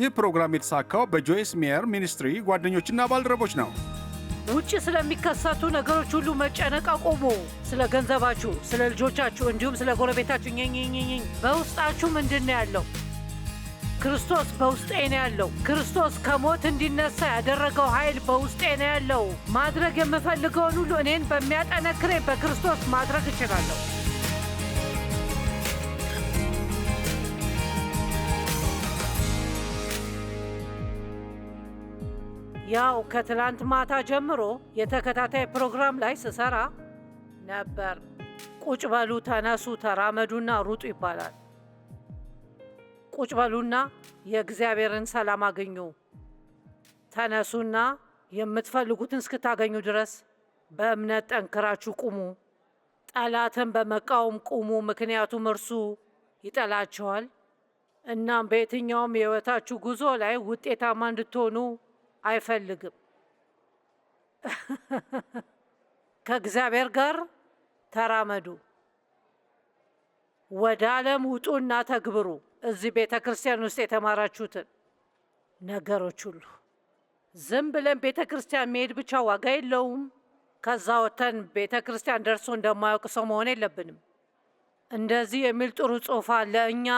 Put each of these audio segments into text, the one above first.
ይህ ፕሮግራም የተሳካው በጆይስ ሚየር ሚኒስትሪ ጓደኞችና ባልደረቦች ነው። ውጭ ስለሚከሰቱ ነገሮች ሁሉ መጨነቅ አቁሙ። ስለ ገንዘባችሁ፣ ስለ ልጆቻችሁ እንዲሁም ስለ ጎረቤታችሁ። ኝኝኝኝኝ በውስጣችሁ ምንድን ነው ያለው? ክርስቶስ በውስጤ ነው ያለው። ክርስቶስ ከሞት እንዲነሳ ያደረገው ኃይል በውስጤ ነው ያለው። ማድረግ የምፈልገውን ሁሉ እኔን በሚያጠነክሬ በክርስቶስ ማድረግ እችላለሁ። ያው ከትላንት ማታ ጀምሮ የተከታታይ ፕሮግራም ላይ ስሰራ ነበር። ቁጭ በሉ፣ ተነሱ፣ ተራመዱና ሩጡ ይባላል። ቁጭ በሉና የእግዚአብሔርን ሰላም አግኙ። ተነሱና የምትፈልጉትን እስክታገኙ ድረስ በእምነት ጠንክራችሁ ቁሙ። ጠላትን በመቃወም ቁሙ፣ ምክንያቱም እርሱ ይጠላችኋል። እናም በየትኛውም የሕይወታችሁ ጉዞ ላይ ውጤታማ እንድትሆኑ አይፈልግም። ከእግዚአብሔር ጋር ተራመዱ፣ ወደ ዓለም ውጡና ተግብሩ። እዚህ ቤተ ክርስቲያን ውስጥ የተማራችሁትን ነገሮች ሁሉ ዝም ብለን ቤተ ክርስቲያን መሄድ ብቻ ዋጋ የለውም። ከዛ ወተን ቤተ ክርስቲያን ደርሶ እንደማያውቅ ሰው መሆን የለብንም። እንደዚህ የሚል ጥሩ ጽሑፍ አለ። እኛ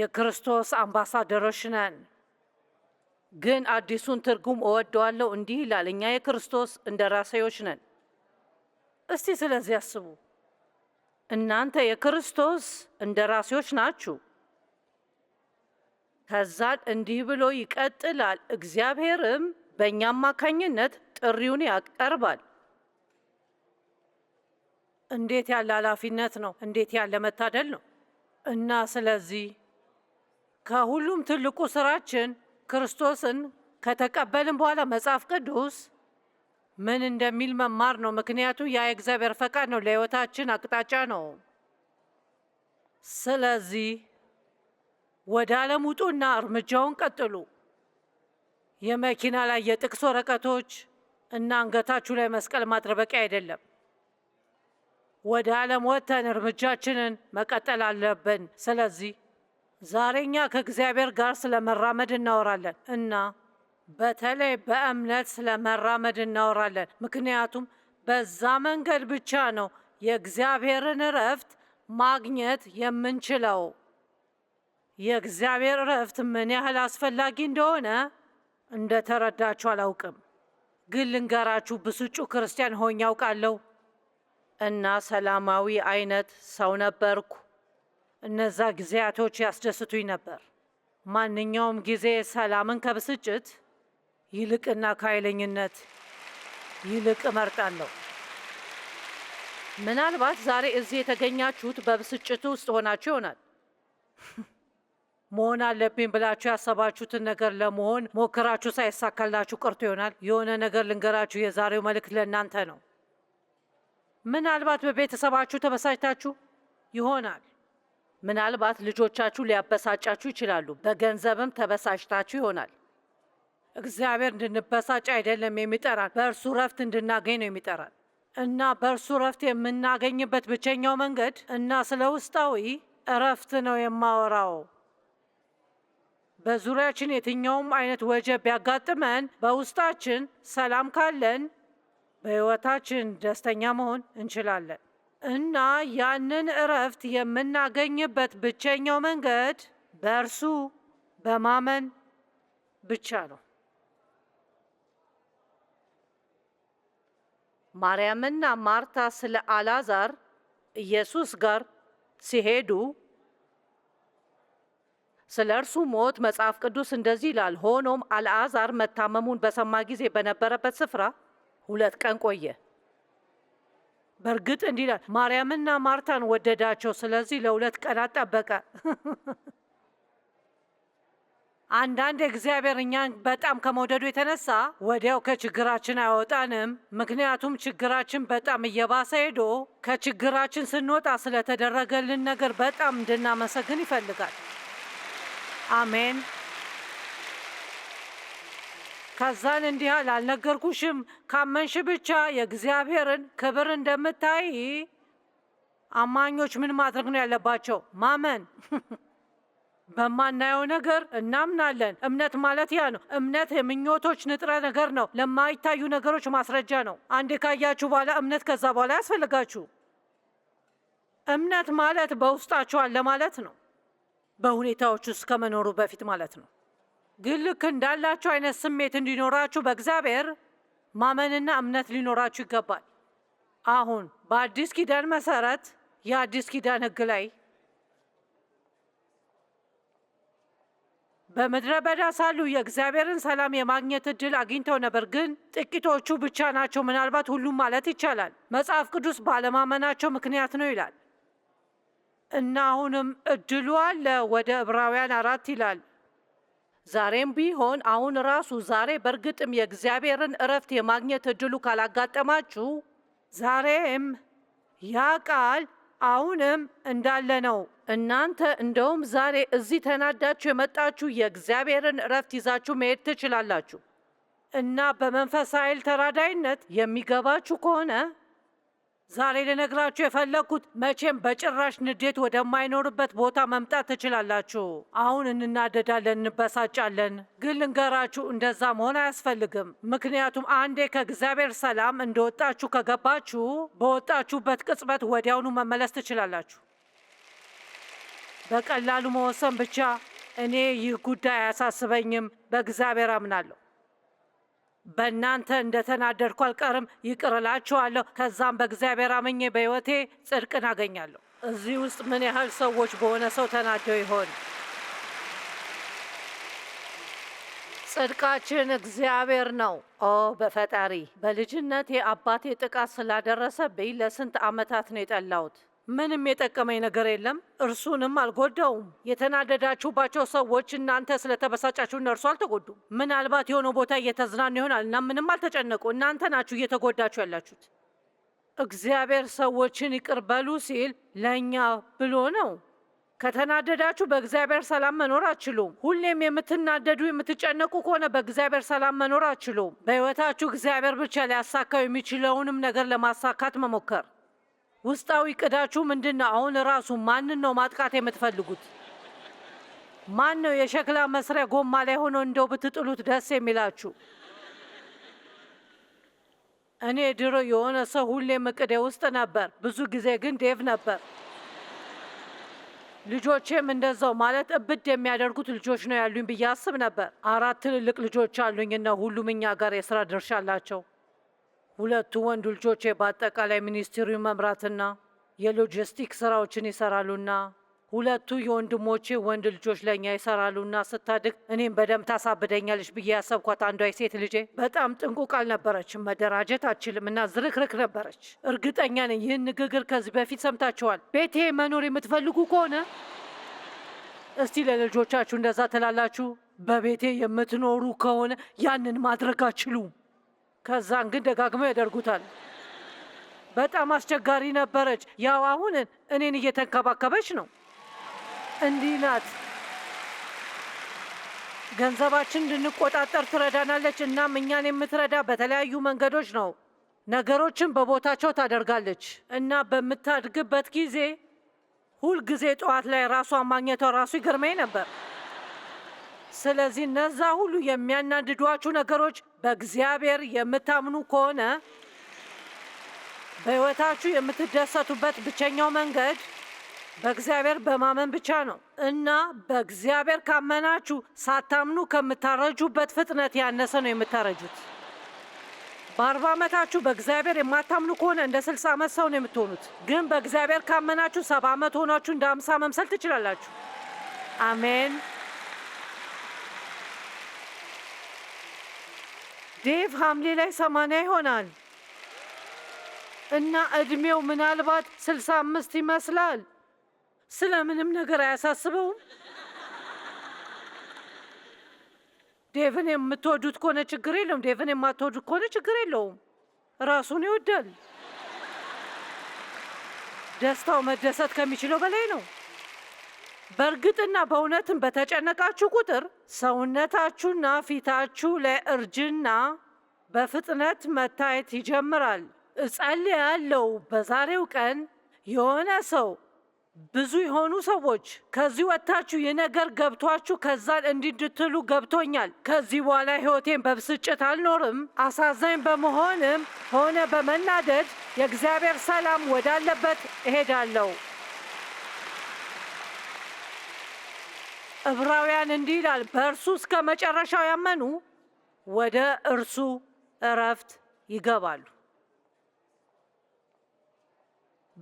የክርስቶስ አምባሳደሮች ነን። ግን አዲሱን ትርጉም እወደዋለሁ። እንዲህ ይላል፣ እኛ የክርስቶስ እንደራሴዎች ነን። እስቲ ስለዚህ አስቡ። እናንተ የክርስቶስ እንደራሴዎች ናችሁ። ከዛን እንዲህ ብሎ ይቀጥላል፣ እግዚአብሔርም በእኛ አማካኝነት ጥሪውን ያቀርባል። እንዴት ያለ ኃላፊነት ነው! እንዴት ያለ መታደል ነው! እና ስለዚህ ከሁሉም ትልቁ ስራችን ክርስቶስን ከተቀበልን በኋላ መጽሐፍ ቅዱስ ምን እንደሚል መማር ነው። ምክንያቱም ያ የእግዚአብሔር ፈቃድ ነው፣ ለሕይወታችን አቅጣጫ ነው። ስለዚህ ወደ ዓለም ውጡና እርምጃውን ቀጥሉ። የመኪና ላይ የጥቅስ ወረቀቶች እና አንገታችሁ ላይ መስቀል ማጥረበቂያ አይደለም። ወደ ዓለም ወጥተን እርምጃችንን መቀጠል አለብን። ስለዚህ ዛሬ እኛ ከእግዚአብሔር ጋር ስለመራመድ እናወራለን እና በተለይ በእምነት ስለመራመድ እናወራለን። ምክንያቱም በዛ መንገድ ብቻ ነው የእግዚአብሔርን እረፍት ማግኘት የምንችለው። የእግዚአብሔር እረፍት ምን ያህል አስፈላጊ እንደሆነ እንደተረዳችሁ አላውቅም፣ ግን ልንገራችሁ። ብስጩ ክርስቲያን ሆኜ አውቃለሁ እና ሰላማዊ አይነት ሰው ነበርኩ እነዛ ጊዜያቶች ያስደስቱኝ ነበር። ማንኛውም ጊዜ ሰላምን ከብስጭት ይልቅና ከኃይለኝነት ይልቅ እመርጣለሁ። ምናልባት ዛሬ እዚህ የተገኛችሁት በብስጭቱ ውስጥ ሆናችሁ ይሆናል። መሆን አለብኝ ብላችሁ ያሰባችሁትን ነገር ለመሆን ሞክራችሁ ሳይሳካላችሁ ቀርቶ ይሆናል። የሆነ ነገር ልንገራችሁ፣ የዛሬው መልእክት ለእናንተ ነው። ምናልባት በቤተሰባችሁ ተበሳጭታችሁ ይሆናል። ምናልባት ልጆቻችሁ ሊያበሳጫችሁ ይችላሉ። በገንዘብም ተበሳጭታችሁ ይሆናል። እግዚአብሔር እንድንበሳጭ አይደለም የሚጠራን፣ በእርሱ ረፍት እንድናገኝ ነው የሚጠራን እና በእርሱ ረፍት የምናገኝበት ብቸኛው መንገድ እና ስለ ውስጣዊ እረፍት ነው የማወራው። በዙሪያችን የትኛውም አይነት ወጀብ ቢያጋጥመን በውስጣችን ሰላም ካለን በሕይወታችን ደስተኛ መሆን እንችላለን። እና ያንን እረፍት የምናገኝበት ብቸኛው መንገድ በእርሱ በማመን ብቻ ነው። ማርያምና ማርታ ስለ አላዛር ኢየሱስ ጋር ሲሄዱ ስለ እርሱ ሞት መጽሐፍ ቅዱስ እንደዚህ ይላል፣ ሆኖም አልዓዛር መታመሙን በሰማ ጊዜ በነበረበት ስፍራ ሁለት ቀን ቆየ። በእርግጥ እንዲህ ይላል፣ ማርያምና ማርታን ወደዳቸው። ስለዚህ ለሁለት ቀናት ጠበቀ። አንዳንድ እግዚአብሔር እኛን በጣም ከመውደዱ የተነሳ ወዲያው ከችግራችን አይወጣንም። ምክንያቱም ችግራችን በጣም እየባሰ ሄዶ ከችግራችን ስንወጣ ስለተደረገልን ነገር በጣም እንድናመሰግን ይፈልጋል። አሜን። ከዛን እንዲህ አለ፣ አልነገርኩሽም? ካመንሽ ብቻ የእግዚአብሔርን ክብር እንደምታይ። አማኞች ምን ማድረግ ነው ያለባቸው? ማመን። በማናየው ነገር እናምናለን። እምነት ማለት ያ ነው። እምነት የምኞቶች ንጥረ ነገር ነው። ለማይታዩ ነገሮች ማስረጃ ነው። አንዴ ካያችሁ በኋላ እምነት ከዛ በኋላ ያስፈልጋችሁ። እምነት ማለት በውስጣችሁ አለ ማለት ነው። በሁኔታዎች ውስጥ ከመኖሩ በፊት ማለት ነው። ግን ልክ እንዳላችሁ አይነት ስሜት እንዲኖራችሁ በእግዚአብሔር ማመንና እምነት ሊኖራችሁ ይገባል። አሁን በአዲስ ኪዳን መሰረት የአዲስ ኪዳን ሕግ ላይ በምድረ በዳ ሳሉ የእግዚአብሔርን ሰላም የማግኘት እድል አግኝተው ነበር፣ ግን ጥቂቶቹ ብቻ ናቸው። ምናልባት ሁሉም ማለት ይቻላል። መጽሐፍ ቅዱስ ባለማመናቸው ምክንያት ነው ይላል እና አሁንም እድሉ አለ። ወደ ዕብራውያን አራት ይላል ዛሬም ቢሆን አሁን ራሱ ዛሬ በእርግጥም የእግዚአብሔርን እረፍት የማግኘት እድሉ ካላጋጠማችሁ ዛሬም ያ ቃል አሁንም እንዳለ ነው። እናንተ እንደውም ዛሬ እዚህ ተናዳችሁ የመጣችሁ የእግዚአብሔርን እረፍት ይዛችሁ መሄድ ትችላላችሁ እና በመንፈስ ኃይል ተራዳይነት የሚገባችሁ ከሆነ ዛሬ ልነግራችሁ የፈለግኩት መቼም በጭራሽ ንዴት ወደማይኖርበት ቦታ መምጣት ትችላላችሁ። አሁን እንናደዳለን፣ እንበሳጫለን፣ ግን ልንገራችሁ እንደዛ መሆን አያስፈልግም። ምክንያቱም አንዴ ከእግዚአብሔር ሰላም እንደወጣችሁ ከገባችሁ በወጣችሁበት ቅጽበት ወዲያውኑ መመለስ ትችላላችሁ። በቀላሉ መወሰን ብቻ እኔ ይህ ጉዳይ አያሳስበኝም፣ በእግዚአብሔር አምናለሁ በእናንተ እንደተናደድኩ አልቀርም፣ ይቅርላችኋለሁ። ከዛም በእግዚአብሔር አምኜ በሕይወቴ ጽድቅን አገኛለሁ። እዚህ ውስጥ ምን ያህል ሰዎች በሆነ ሰው ተናደው ይሆን? ጽድቃችን እግዚአብሔር ነው። ኦ በፈጣሪ! በልጅነቴ አባቴ ጥቃት ስላደረሰብኝ ለስንት ዓመታት ነው የጠላሁት። ምንም የጠቀመኝ ነገር የለም፣ እርሱንም አልጎዳውም። የተናደዳችሁባቸው ሰዎች እናንተ ስለተበሳጫችሁ እነርሱ አልተጎዱም። ምናልባት የሆነ ቦታ እየተዝናኑ ይሆናል እና ምንም አልተጨነቁ። እናንተ ናችሁ እየተጎዳችሁ ያላችሁት። እግዚአብሔር ሰዎችን ይቅር በሉ ሲል ለእኛ ብሎ ነው። ከተናደዳችሁ በእግዚአብሔር ሰላም መኖር አችሉም። ሁሌም የምትናደዱ የምትጨነቁ ከሆነ በእግዚአብሔር ሰላም መኖር አችሉም። በሕይወታችሁ እግዚአብሔር ብቻ ሊያሳካው የሚችለውንም ነገር ለማሳካት መሞከር ውስጣዊ ቅዳችሁ ምንድን ነው? አሁን ራሱ ማንን ነው ማጥቃት የምትፈልጉት? ማን ነው የሸክላ መስሪያ ጎማ ላይ ሆኖ እንደው ብትጥሉት ደስ የሚላችሁ? እኔ ድሮ የሆነ ሰው ሁሌም እቅዴ ውስጥ ነበር፣ ብዙ ጊዜ ግን ዴቭ ነበር። ልጆቼም እንደዛው ማለት እብድ የሚያደርጉት ልጆች ነው ያሉኝ ብዬ አስብ ነበር። አራት ትልልቅ ልጆች አሉኝ እና ሁሉም እኛ ጋር የስራ ድርሻ አላቸው። ሁለቱ ወንድ ልጆቼ በአጠቃላይ ሚኒስቴሩ መምራትና የሎጂስቲክ ስራዎችን ይሰራሉና ሁለቱ የወንድሞቼ ወንድ ልጆች ለእኛ ይሰራሉና ስታድግ እኔም በደንብ ታሳብደኛለች ብዬ ያሰብኳት አንዷ ሴት ልጄ በጣም ጥንቁቅ አልነበረችም። መደራጀት አችልም እና ዝርክርክ ነበረች። እርግጠኛ ነኝ ይህን ንግግር ከዚህ በፊት ሰምታችኋል። ቤቴ መኖር የምትፈልጉ ከሆነ እስቲ ለልጆቻችሁ እንደዛ ትላላችሁ። በቤቴ የምትኖሩ ከሆነ ያንን ማድረግ አችሉም። ከዛን ግን ደጋግመው ያደርጉታል። በጣም አስቸጋሪ ነበረች። ያው አሁን እኔን እየተንከባከበች ነው። እንዲህ ናት። ገንዘባችን እንድንቆጣጠር ትረዳናለች። እናም እኛን የምትረዳ በተለያዩ መንገዶች ነው። ነገሮችን በቦታቸው ታደርጋለች እና በምታድግበት ጊዜ ሁልጊዜ ጠዋት ላይ ራሷን ማግኘቷ ራሱ ይገርመኝ ነበር። ስለዚህ እነዛ ሁሉ የሚያናድዷችሁ ነገሮች በእግዚአብሔር የምታምኑ ከሆነ በሕይወታችሁ የምትደሰቱበት ብቸኛው መንገድ በእግዚአብሔር በማመን ብቻ ነው እና በእግዚአብሔር ካመናችሁ ሳታምኑ ከምታረጁበት ፍጥነት ያነሰ ነው የምታረጁት። በአርባ ዓመታችሁ በእግዚአብሔር የማታምኑ ከሆነ እንደ ስልሳ ዓመት ሰው ነው የምትሆኑት። ግን በእግዚአብሔር ካመናችሁ ሰባ ዓመት ሆናችሁ እንደ አምሳ መምሰል ትችላላችሁ። አሜን። ዴቭ ሐምሌ ላይ ሰማንያ ይሆናል እና እድሜው ምናልባት ስልሳ አምስት ይመስላል። ስለምንም ነገር አያሳስበውም። ዴቭን የምትወዱት ከሆነ ችግር የለውም። ዴቭን የማትወዱት ከሆነ ችግር የለውም። ራሱን ይወዳል። ደስታው መደሰት ከሚችለው በላይ ነው። በእርግጥና በእውነትም በተጨነቃችሁ ቁጥር ሰውነታችሁና ፊታችሁ ላይ እርጅና በፍጥነት መታየት ይጀምራል። እጸልያለሁ በዛሬው ቀን የሆነ ሰው ብዙ የሆኑ ሰዎች ከዚህ ወጥታችሁ የነገር ገብቷችሁ ከዛን እንዲድትሉ ገብቶኛል። ከዚህ በኋላ ህይወቴን በብስጭት አልኖርም፣ አሳዛኝ በመሆንም ሆነ በመናደድ የእግዚአብሔር ሰላም ወዳለበት እሄዳለሁ። ዕብራውያን እንዲህ ይላል፣ በእርሱ እስከ መጨረሻው ያመኑ ወደ እርሱ እረፍት ይገባሉ።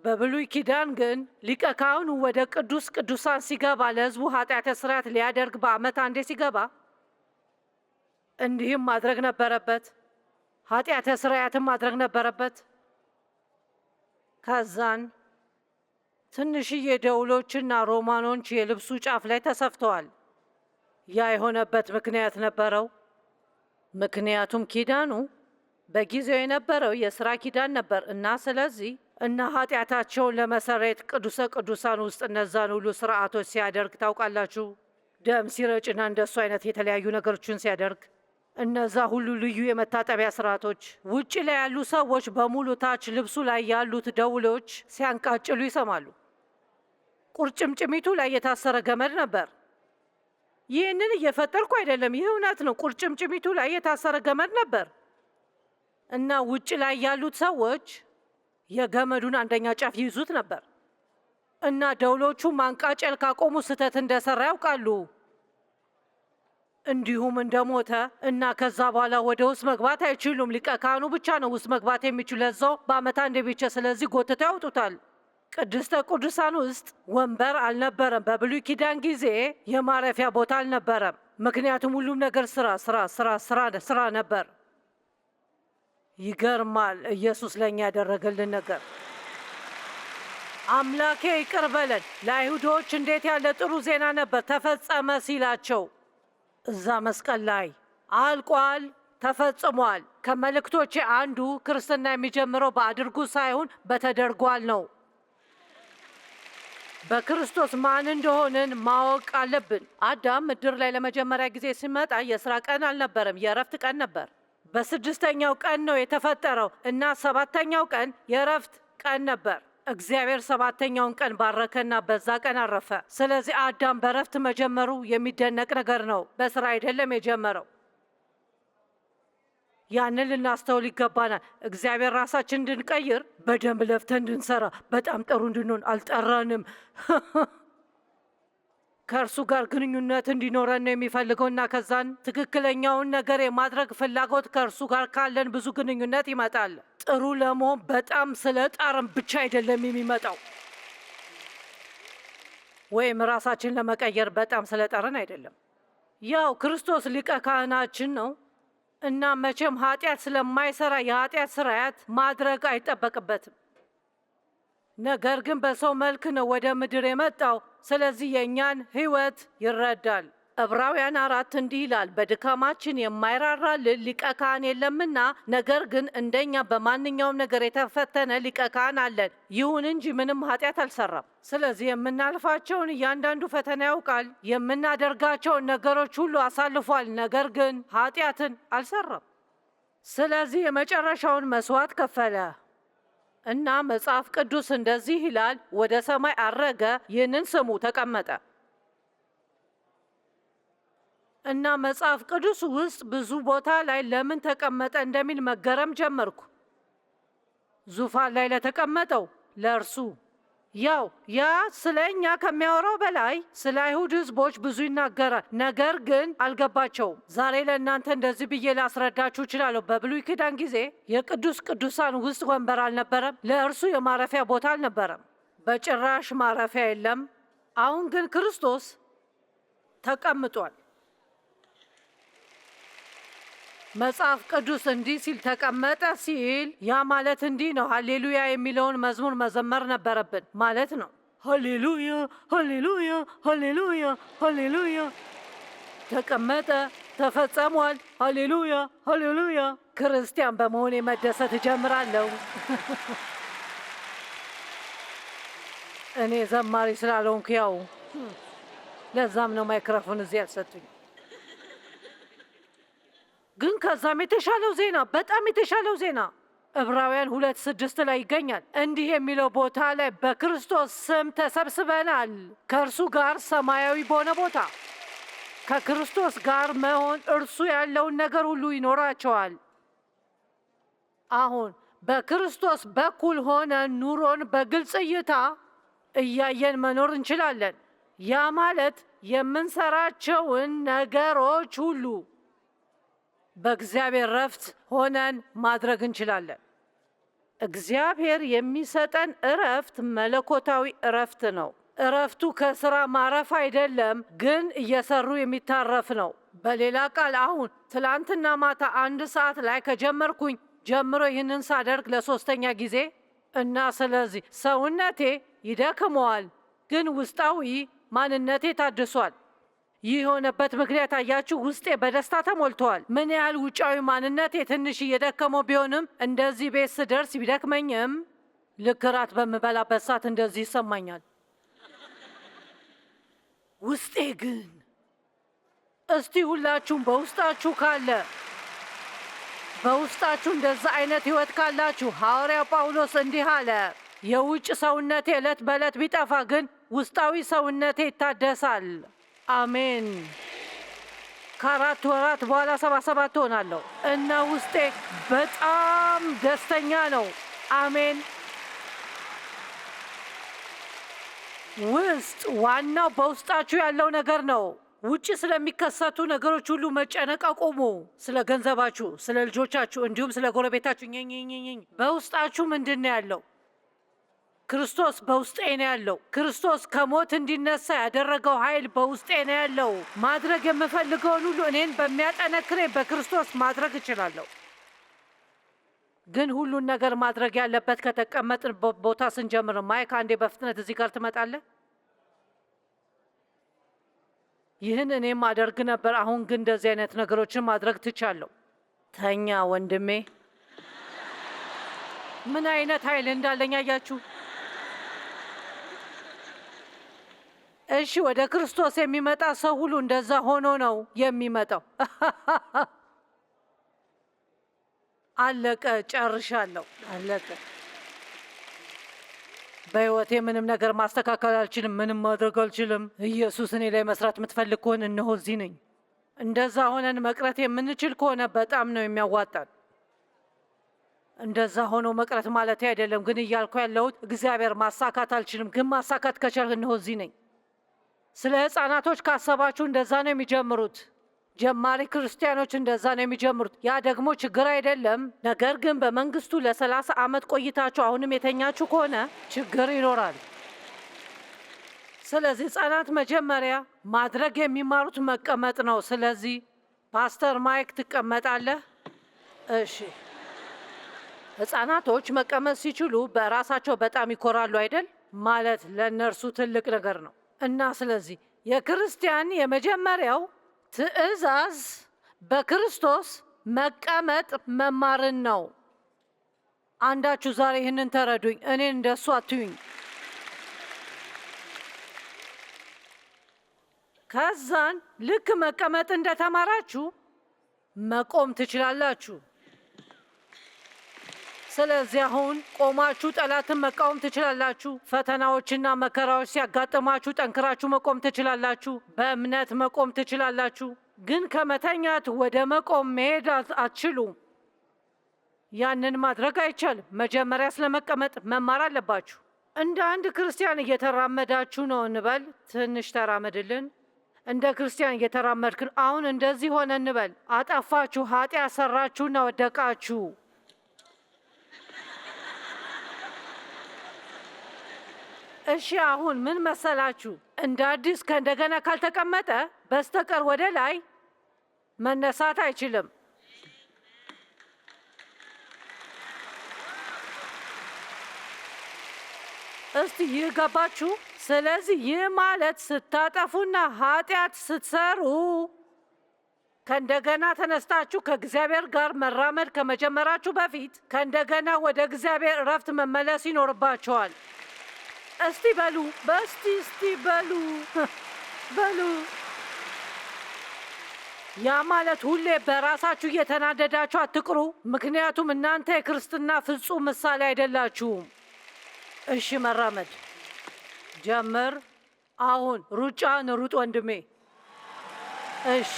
በብሉይ ኪዳን ግን ሊቀ ካህኑ ወደ ቅዱስ ቅዱሳን ሲገባ ለሕዝቡ ኃጢአተ ስርያት ሊያደርግ በዓመት አንዴ ሲገባ እንዲህም ማድረግ ነበረበት፣ ኃጢአተ ስርያትም ማድረግ ነበረበት። ከዛን ትንሽዬ ደውሎችና ሮማኖች የልብሱ ጫፍ ላይ ተሰፍተዋል። ያ የሆነበት ምክንያት ነበረው። ምክንያቱም ኪዳኑ በጊዜው የነበረው የሥራ ኪዳን ነበር እና ስለዚህ እና ኃጢአታቸውን ለመሰረት ቅዱሰ ቅዱሳን ውስጥ እነዛን ሁሉ ስርዓቶች ሲያደርግ ታውቃላችሁ። ደም ሲረጭና እንደሱ አይነት የተለያዩ ነገሮችን ሲያደርግ እነዛ ሁሉ ልዩ የመታጠቢያ ስርዓቶች ውጭ ላይ ያሉ ሰዎች በሙሉ ታች ልብሱ ላይ ያሉት ደውሎች ሲያንቃጭሉ ይሰማሉ። ቁርጭምጭሚቱ ላይ የታሰረ ገመድ ነበር። ይህንን እየፈጠርኩ አይደለም፣ ይህ እውነት ነው። ቁርጭምጭሚቱ ላይ የታሰረ ገመድ ነበር እና ውጭ ላይ ያሉት ሰዎች የገመዱን አንደኛ ጫፍ ይይዙት ነበር እና ደውሎቹ ማንቃጨል ካቆሙ ስህተት እንደሰራ ያውቃሉ፣ እንዲሁም እንደሞተ እና ከዛ በኋላ ወደ ውስጥ መግባት አይችሉም። ሊቀ ካህኑ ብቻ ነው ውስጥ መግባት የሚችሉ ለዛው በአመት አንድ ብቻ። ስለዚህ ጎትተው ያውጡታል። ቅድስተ ቅዱሳን ውስጥ ወንበር አልነበረም። በብሉይ ኪዳን ጊዜ የማረፊያ ቦታ አልነበረም። ምክንያቱም ሁሉም ነገር ስራ ስራ ስራ ስራ ስራ ነበር። ይገርማል ኢየሱስ ለእኛ ያደረገልን ነገር። አምላኬ ይቅር በለን። ለአይሁዶች እንዴት ያለ ጥሩ ዜና ነበር! ተፈጸመ ሲላቸው እዛ መስቀል ላይ አልቋል፣ ተፈጽሟል። ከመልእክቶቼ አንዱ ክርስትና የሚጀምረው በአድርጉ ሳይሆን በተደርጓል ነው። በክርስቶስ ማን እንደሆንን ማወቅ አለብን። አዳም ምድር ላይ ለመጀመሪያ ጊዜ ሲመጣ የስራ ቀን አልነበረም፣ የእረፍት ቀን ነበር። በስድስተኛው ቀን ነው የተፈጠረው እና ሰባተኛው ቀን የእረፍት ቀን ነበር። እግዚአብሔር ሰባተኛውን ቀን ባረከና በዛ ቀን አረፈ። ስለዚህ አዳም በእረፍት መጀመሩ የሚደነቅ ነገር ነው። በስራ አይደለም የጀመረው። ያንን ልናስተውል ይገባናል። እግዚአብሔር ራሳችን እንድንቀይር በደንብ ለፍተ እንድንሰራ በጣም ጥሩ እንድንሆን አልጠራንም። ከእርሱ ጋር ግንኙነት እንዲኖረን ነው እና ከዛን ትክክለኛውን ነገር የማድረግ ፍላጎት ከእርሱ ጋር ካለን ብዙ ግንኙነት ይመጣል። ጥሩ ለመሆን በጣም ስለ ጣርን ብቻ አይደለም የሚመጣው ወይም ራሳችን ለመቀየር በጣም ስለ ጣርን አይደለም። ያው ክርስቶስ ሊቀ ካህናችን ነው። እና መቼም ኃጢአት ስለማይሰራ የኃጢአት ስርዓት ማድረግ አይጠበቅበትም። ነገር ግን በሰው መልክ ነው ወደ ምድር የመጣው። ስለዚህ የእኛን ህይወት ይረዳል። ዕብራውያን አራት እንዲህ ይላል፣ በድካማችን የማይራራ ሊቀ ካህን የለምና፣ ነገር ግን እንደኛ በማንኛውም ነገር የተፈተነ ሊቀ ካህን አለን፣ ይሁን እንጂ ምንም ኃጢአት አልሰራም። ስለዚህ የምናልፋቸውን እያንዳንዱ ፈተና ያውቃል፣ የምናደርጋቸውን ነገሮች ሁሉ አሳልፏል፣ ነገር ግን ኃጢአትን አልሰራም። ስለዚህ የመጨረሻውን መስዋዕት ከፈለ እና መጽሐፍ ቅዱስ እንደዚህ ይላል፣ ወደ ሰማይ አረገ። ይህንን ስሙ፣ ተቀመጠ እና መጽሐፍ ቅዱስ ውስጥ ብዙ ቦታ ላይ ለምን ተቀመጠ እንደሚል መገረም ጀመርኩ። ዙፋን ላይ ለተቀመጠው ለእርሱ ያው ያ ስለ እኛ ከሚያወራው በላይ ስለ አይሁድ ሕዝቦች ብዙ ይናገራል። ነገር ግን አልገባቸውም። ዛሬ ለእናንተ እንደዚህ ብዬ ላስረዳችሁ እችላለሁ። በብሉይ ኪዳን ጊዜ የቅዱስ ቅዱሳን ውስጥ ወንበር አልነበረም። ለእርሱ የማረፊያ ቦታ አልነበረም። በጭራሽ ማረፊያ የለም። አሁን ግን ክርስቶስ ተቀምጧል። መጽሐፍ ቅዱስ እንዲህ ሲል ተቀመጠ ሲል ያ ማለት እንዲህ ነው፣ ሀሌሉያ የሚለውን መዝሙር መዘመር ነበረብን ማለት ነው። ሀሌሉያ ሀሌሉያ ሀሌሉያ ሀሌሉያ ተቀመጠ፣ ተፈጸሟል። ሀሌሉያ ሀሌሉያ። ክርስቲያን በመሆን የመደሰት እጀምራለሁ። እኔ ዘማሪ ስላልሆንኩ ያው ለዛም ነው ማይክሮፎን እዚህ ያልሰጡኝ። ግን ከዛም የተሻለው ዜና በጣም የተሻለው ዜና ዕብራውያን ሁለት ስድስት ላይ ይገኛል። እንዲህ የሚለው ቦታ ላይ በክርስቶስ ስም ተሰብስበናል ከእርሱ ጋር ሰማያዊ በሆነ ቦታ ከክርስቶስ ጋር መሆን እርሱ ያለውን ነገር ሁሉ ይኖራቸዋል። አሁን በክርስቶስ በኩል ሆነን ኑሮን በግልጽ እይታ እያየን መኖር እንችላለን። ያ ማለት የምንሰራቸውን ነገሮች ሁሉ በእግዚአብሔር ረፍት ሆነን ማድረግ እንችላለን። እግዚአብሔር የሚሰጠን እረፍት መለኮታዊ እረፍት ነው። እረፍቱ ከስራ ማረፍ አይደለም፣ ግን እየሰሩ የሚታረፍ ነው። በሌላ ቃል አሁን ትላንትና ማታ አንድ ሰዓት ላይ ከጀመርኩኝ ጀምሮ ይህንን ሳደርግ ለሶስተኛ ጊዜ እና ስለዚህ ሰውነቴ ይደክመዋል፣ ግን ውስጣዊ ማንነቴ ታድሷል። ይህ የሆነበት ምክንያት አያችሁ፣ ውስጤ በደስታ ተሞልተዋል። ምን ያህል ውጫዊ ማንነት የትንሽ እየደከመው ቢሆንም እንደዚህ ቤት ስደርስ ቢደክመኝም ልክ እራት በምበላበት ሰዓት እንደዚህ ይሰማኛል። ውስጤ ግን እስቲ ሁላችሁም በውስጣችሁ ካለ በውስጣችሁ እንደዛ አይነት ህይወት ካላችሁ ሐዋርያ ጳውሎስ እንዲህ አለ፣ የውጭ ሰውነቴ ዕለት በዕለት ቢጠፋ ግን ውስጣዊ ሰውነቴ ይታደሳል። አሜን። ከአራት ወራት በኋላ ሰባ ሰባት እሆናለሁ እና ውስጤ በጣም ደስተኛ ነው። አሜን። ውስጥ ዋናው በውስጣችሁ ያለው ነገር ነው። ውጭ ስለሚከሰቱ ነገሮች ሁሉ መጨነቅ አቁሙ። ስለ ገንዘባችሁ፣ ስለ ልጆቻችሁ እንዲሁም ስለ ጎረቤታችሁ። በውስጣችሁ ምንድን ነው ያለው? ክርስቶስ በውስጤ ነው ያለው። ክርስቶስ ከሞት እንዲነሳ ያደረገው ኃይል በውስጤ ነው ያለው። ማድረግ የምፈልገውን ሁሉ እኔን በሚያጠነክሬ በክርስቶስ ማድረግ እችላለሁ። ግን ሁሉን ነገር ማድረግ ያለበት ከተቀመጥን ቦታ ስንጀምር፣ ማይክ አንዴ በፍጥነት እዚህ ጋር ትመጣለህ። ይህን እኔም አደርግ ነበር። አሁን ግን እንደዚህ አይነት ነገሮችን ማድረግ ትቻለሁ። ተኛ ወንድሜ። ምን አይነት ኃይል እንዳለኝ አያችሁ? እሺ፣ ወደ ክርስቶስ የሚመጣ ሰው ሁሉ እንደዛ ሆኖ ነው የሚመጣው። አለቀ፣ ጨርሻለሁ፣ አለቀ። በህይወቴ ምንም ነገር ማስተካከል አልችልም፣ ምንም ማድረግ አልችልም። ኢየሱስ እኔ ላይ መስራት የምትፈልግ ከሆን እነሆ እዚህ ነኝ። እንደዛ ሆነን መቅረት የምንችል ከሆነ በጣም ነው የሚያዋጣን። እንደዛ ሆኖ መቅረት ማለት አይደለም፣ ግን እያልኩ ያለሁት እግዚአብሔር ማሳካት አልችልም፣ ግን ማሳካት ከቻልክ እነሆ እዚህ ነኝ። ስለ ህፃናቶች ካሰባችሁ እንደዛ ነው የሚጀምሩት። ጀማሪ ክርስቲያኖች እንደዛ ነው የሚጀምሩት። ያ ደግሞ ችግር አይደለም። ነገር ግን በመንግስቱ ለሰላሳ ዓመት ቆይታችሁ አሁንም የተኛችሁ ከሆነ ችግር ይኖራል። ስለዚህ ህፃናት መጀመሪያ ማድረግ የሚማሩት መቀመጥ ነው። ስለዚህ ፓስተር ማይክ ትቀመጣለህ? እሺ። ህፃናቶች መቀመጥ ሲችሉ በራሳቸው በጣም ይኮራሉ አይደል? ማለት ለእነርሱ ትልቅ ነገር ነው። እና ስለዚህ የክርስቲያን የመጀመሪያው ትዕዛዝ በክርስቶስ መቀመጥ መማርን ነው። አንዳችሁ ዛሬ ይህንን ተረዱኝ። እኔን እንደሱ አትዩኝ። ከዛን ልክ መቀመጥ እንደተማራችሁ መቆም ትችላላችሁ። ስለዚህ አሁን ቆማችሁ ጠላትን መቃወም ትችላላችሁ። ፈተናዎችና መከራዎች ሲያጋጥማችሁ ጠንክራችሁ መቆም ትችላላችሁ። በእምነት መቆም ትችላላችሁ። ግን ከመተኛት ወደ መቆም መሄድ አትችሉም። ያንን ማድረግ አይቻልም። መጀመሪያ ስለመቀመጥ መማር አለባችሁ። እንደ አንድ ክርስቲያን እየተራመዳችሁ ነው እንበል። ትንሽ ተራመድልን። እንደ ክርስቲያን እየተራመድክን አሁን እንደዚህ ሆነ እንበል። አጠፋችሁ፣ ኃጢአት ሰራችሁና ወደቃችሁ። እሺ አሁን ምን መሰላችሁ፣ እንደ አዲስ ከእንደገና ካልተቀመጠ በስተቀር ወደ ላይ መነሳት አይችልም። እስቲ ይህ ገባችሁ? ስለዚህ ይህ ማለት ስታጠፉና ኃጢአት ስትሰሩ ከእንደገና ተነስታችሁ ከእግዚአብሔር ጋር መራመድ ከመጀመራችሁ በፊት ከእንደገና ወደ እግዚአብሔር እረፍት መመለስ ይኖርባቸዋል። እስቲ በሉ በስቲ እስቲ በሉ በሉ። ያ ማለት ሁሌ በራሳችሁ እየተናደዳችሁ አትቅሩ፣ ምክንያቱም እናንተ የክርስትና ፍጹም ምሳሌ አይደላችሁም። እሺ፣ መራመድ ጀምር። አሁን ሩጫን ሩጥ ወንድሜ። እሺ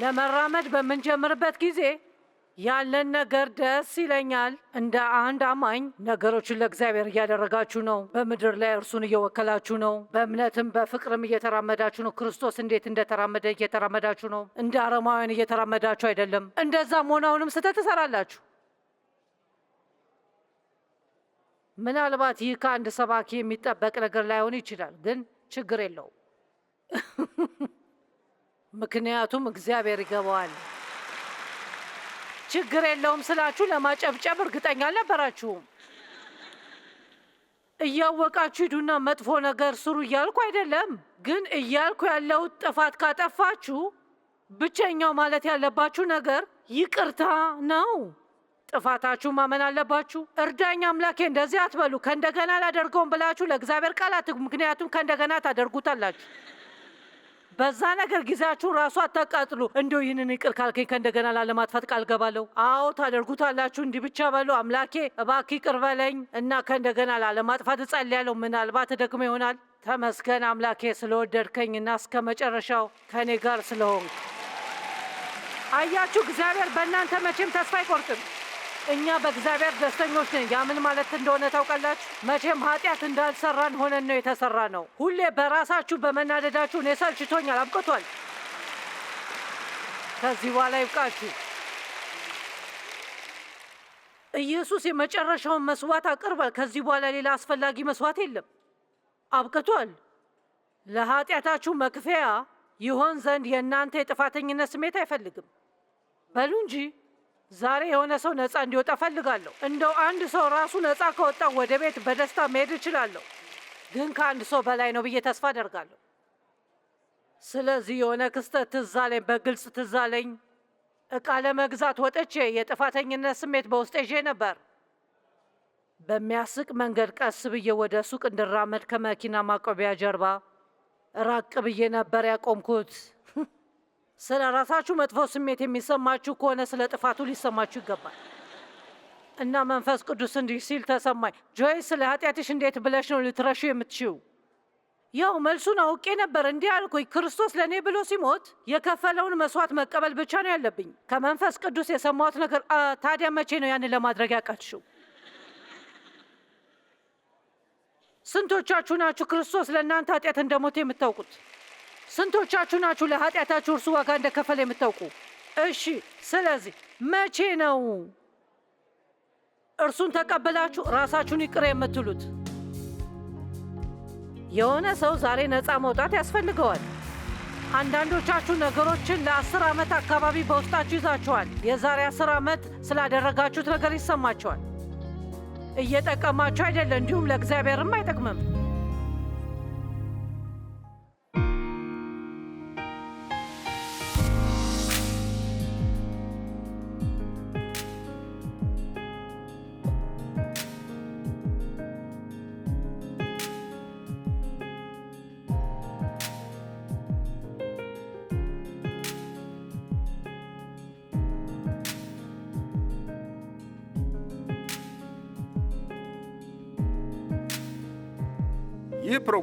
ለመራመድ በምንጀምርበት ጊዜ ያለን ነገር ደስ ይለኛል። እንደ አንድ አማኝ ነገሮችን ለእግዚአብሔር እያደረጋችሁ ነው። በምድር ላይ እርሱን እየወከላችሁ ነው። በእምነትም በፍቅርም እየተራመዳችሁ ነው። ክርስቶስ እንዴት እንደተራመደ እየተራመዳችሁ ነው። እንደ አረማውያን እየተራመዳችሁ አይደለም። እንደዛም ሆነ አሁንም ስህተት ትሰራላችሁ። ምናልባት ይህ ከአንድ ሰባኪ የሚጠበቅ ነገር ላይሆን ይችላል፣ ግን ችግር የለውም። ምክንያቱም እግዚአብሔር ይገባዋል። ችግር የለውም ስላችሁ ለማጨብጨብ እርግጠኛ አልነበራችሁም። እያወቃችሁ ሂዱና መጥፎ ነገር ስሩ እያልኩ አይደለም፣ ግን እያልኩ ያለሁት ጥፋት ካጠፋችሁ ብቸኛው ማለት ያለባችሁ ነገር ይቅርታ ነው። ጥፋታችሁ ማመን አለባችሁ። እርዳኝ አምላኬ፣ እንደዚህ አትበሉ፣ ከእንደገና አላደርገውም ብላችሁ ለእግዚአብሔር ቃል ምክንያቱም ከእንደገና ታደርጉታላችሁ። በዛ ነገር ጊዜያችሁ ራሱ አታቃጥሉ። እንዲሁ ይህንን ይቅር ካልከኝ ከእንደገና ላለማጥፋት ቃል ገባለሁ። አዎ ታደርጉታላችሁ። እንዲህ ብቻ በሉ አምላኬ እባኪ ይቅር በለኝ እና ከእንደገና ላለማጥፋት እጸልያለሁ። ምናልባት ደግሞ ይሆናል። ተመስገን አምላኬ ስለወደድከኝና እስከ መጨረሻው ከእኔ ጋር ስለሆንክ። አያችሁ፣ እግዚአብሔር በእናንተ መቼም ተስፋ አይቆርጥም። እኛ በእግዚአብሔር ደስተኞች ነን። ያ ምን ማለት እንደሆነ ታውቃላችሁ? መቼም ኃጢአት እንዳልሰራን ሆነን ነው የተሰራ ነው። ሁሌ በራሳችሁ በመናደዳችሁ እኔ ሰልችቶኛል፣ አብቅቷል። ከዚህ በኋላ ይብቃችሁ። ኢየሱስ የመጨረሻውን መስዋዕት አቅርቧል። ከዚህ በኋላ ሌላ አስፈላጊ መስዋዕት የለም፣ አብቅቷል። ለኃጢአታችሁ መክፈያ ይሆን ዘንድ የእናንተ የጥፋተኝነት ስሜት አይፈልግም። በሉ እንጂ ዛሬ የሆነ ሰው ነፃ እንዲወጣ ፈልጋለሁ። እንደው አንድ ሰው ራሱ ነፃ ከወጣ ወደ ቤት በደስታ መሄድ እችላለሁ፣ ግን ከአንድ ሰው በላይ ነው ብዬ ተስፋ አደርጋለሁ። ስለዚህ የሆነ ክስተት ትዝ አለኝ፣ በግልጽ ትዝ አለኝ። እቃ ለመግዛት ወጥቼ የጥፋተኝነት ስሜት በውስጤ ይዤ ነበር። በሚያስቅ መንገድ ቀስ ብዬ ወደ ሱቅ እንድራመድ ከመኪና ማቆቢያ ጀርባ ራቅ ብዬ ነበር ያቆምኩት። ስለ ራሳችሁ መጥፎ ስሜት የሚሰማችሁ ከሆነ ስለ ጥፋቱ ሊሰማችሁ ይገባል። እና መንፈስ ቅዱስ እንዲህ ሲል ተሰማኝ፣ ጆይ ስለ ኃጢአትሽ እንዴት ብለሽ ነው ልትረሹ የምትችው? ያው መልሱን አውቄ ነበር። እንዲህ አልኩኝ፣ ክርስቶስ ለእኔ ብሎ ሲሞት የከፈለውን መስዋዕት መቀበል ብቻ ነው ያለብኝ። ከመንፈስ ቅዱስ የሰማሁት ነገር ታዲያ መቼ ነው ያንን ለማድረግ ያቃትሽው? ስንቶቻችሁ ናችሁ ክርስቶስ ለእናንተ ኃጢአት እንደሞት የምታውቁት? ስንቶቻችሁ ናችሁ ለኃጢአታችሁ እርሱ ዋጋ እንደከፈለ የምታውቁ? እሺ፣ ስለዚህ መቼ ነው እርሱን ተቀብላችሁ ራሳችሁን ይቅር የምትሉት? የሆነ ሰው ዛሬ ነፃ መውጣት ያስፈልገዋል። አንዳንዶቻችሁ ነገሮችን ለአስር ዓመት አካባቢ በውስጣችሁ ይዛችኋል። የዛሬ አስር ዓመት ስላደረጋችሁት ነገር ይሰማችኋል። እየጠቀማችሁ አይደለም፣ እንዲሁም ለእግዚአብሔርም አይጠቅምም።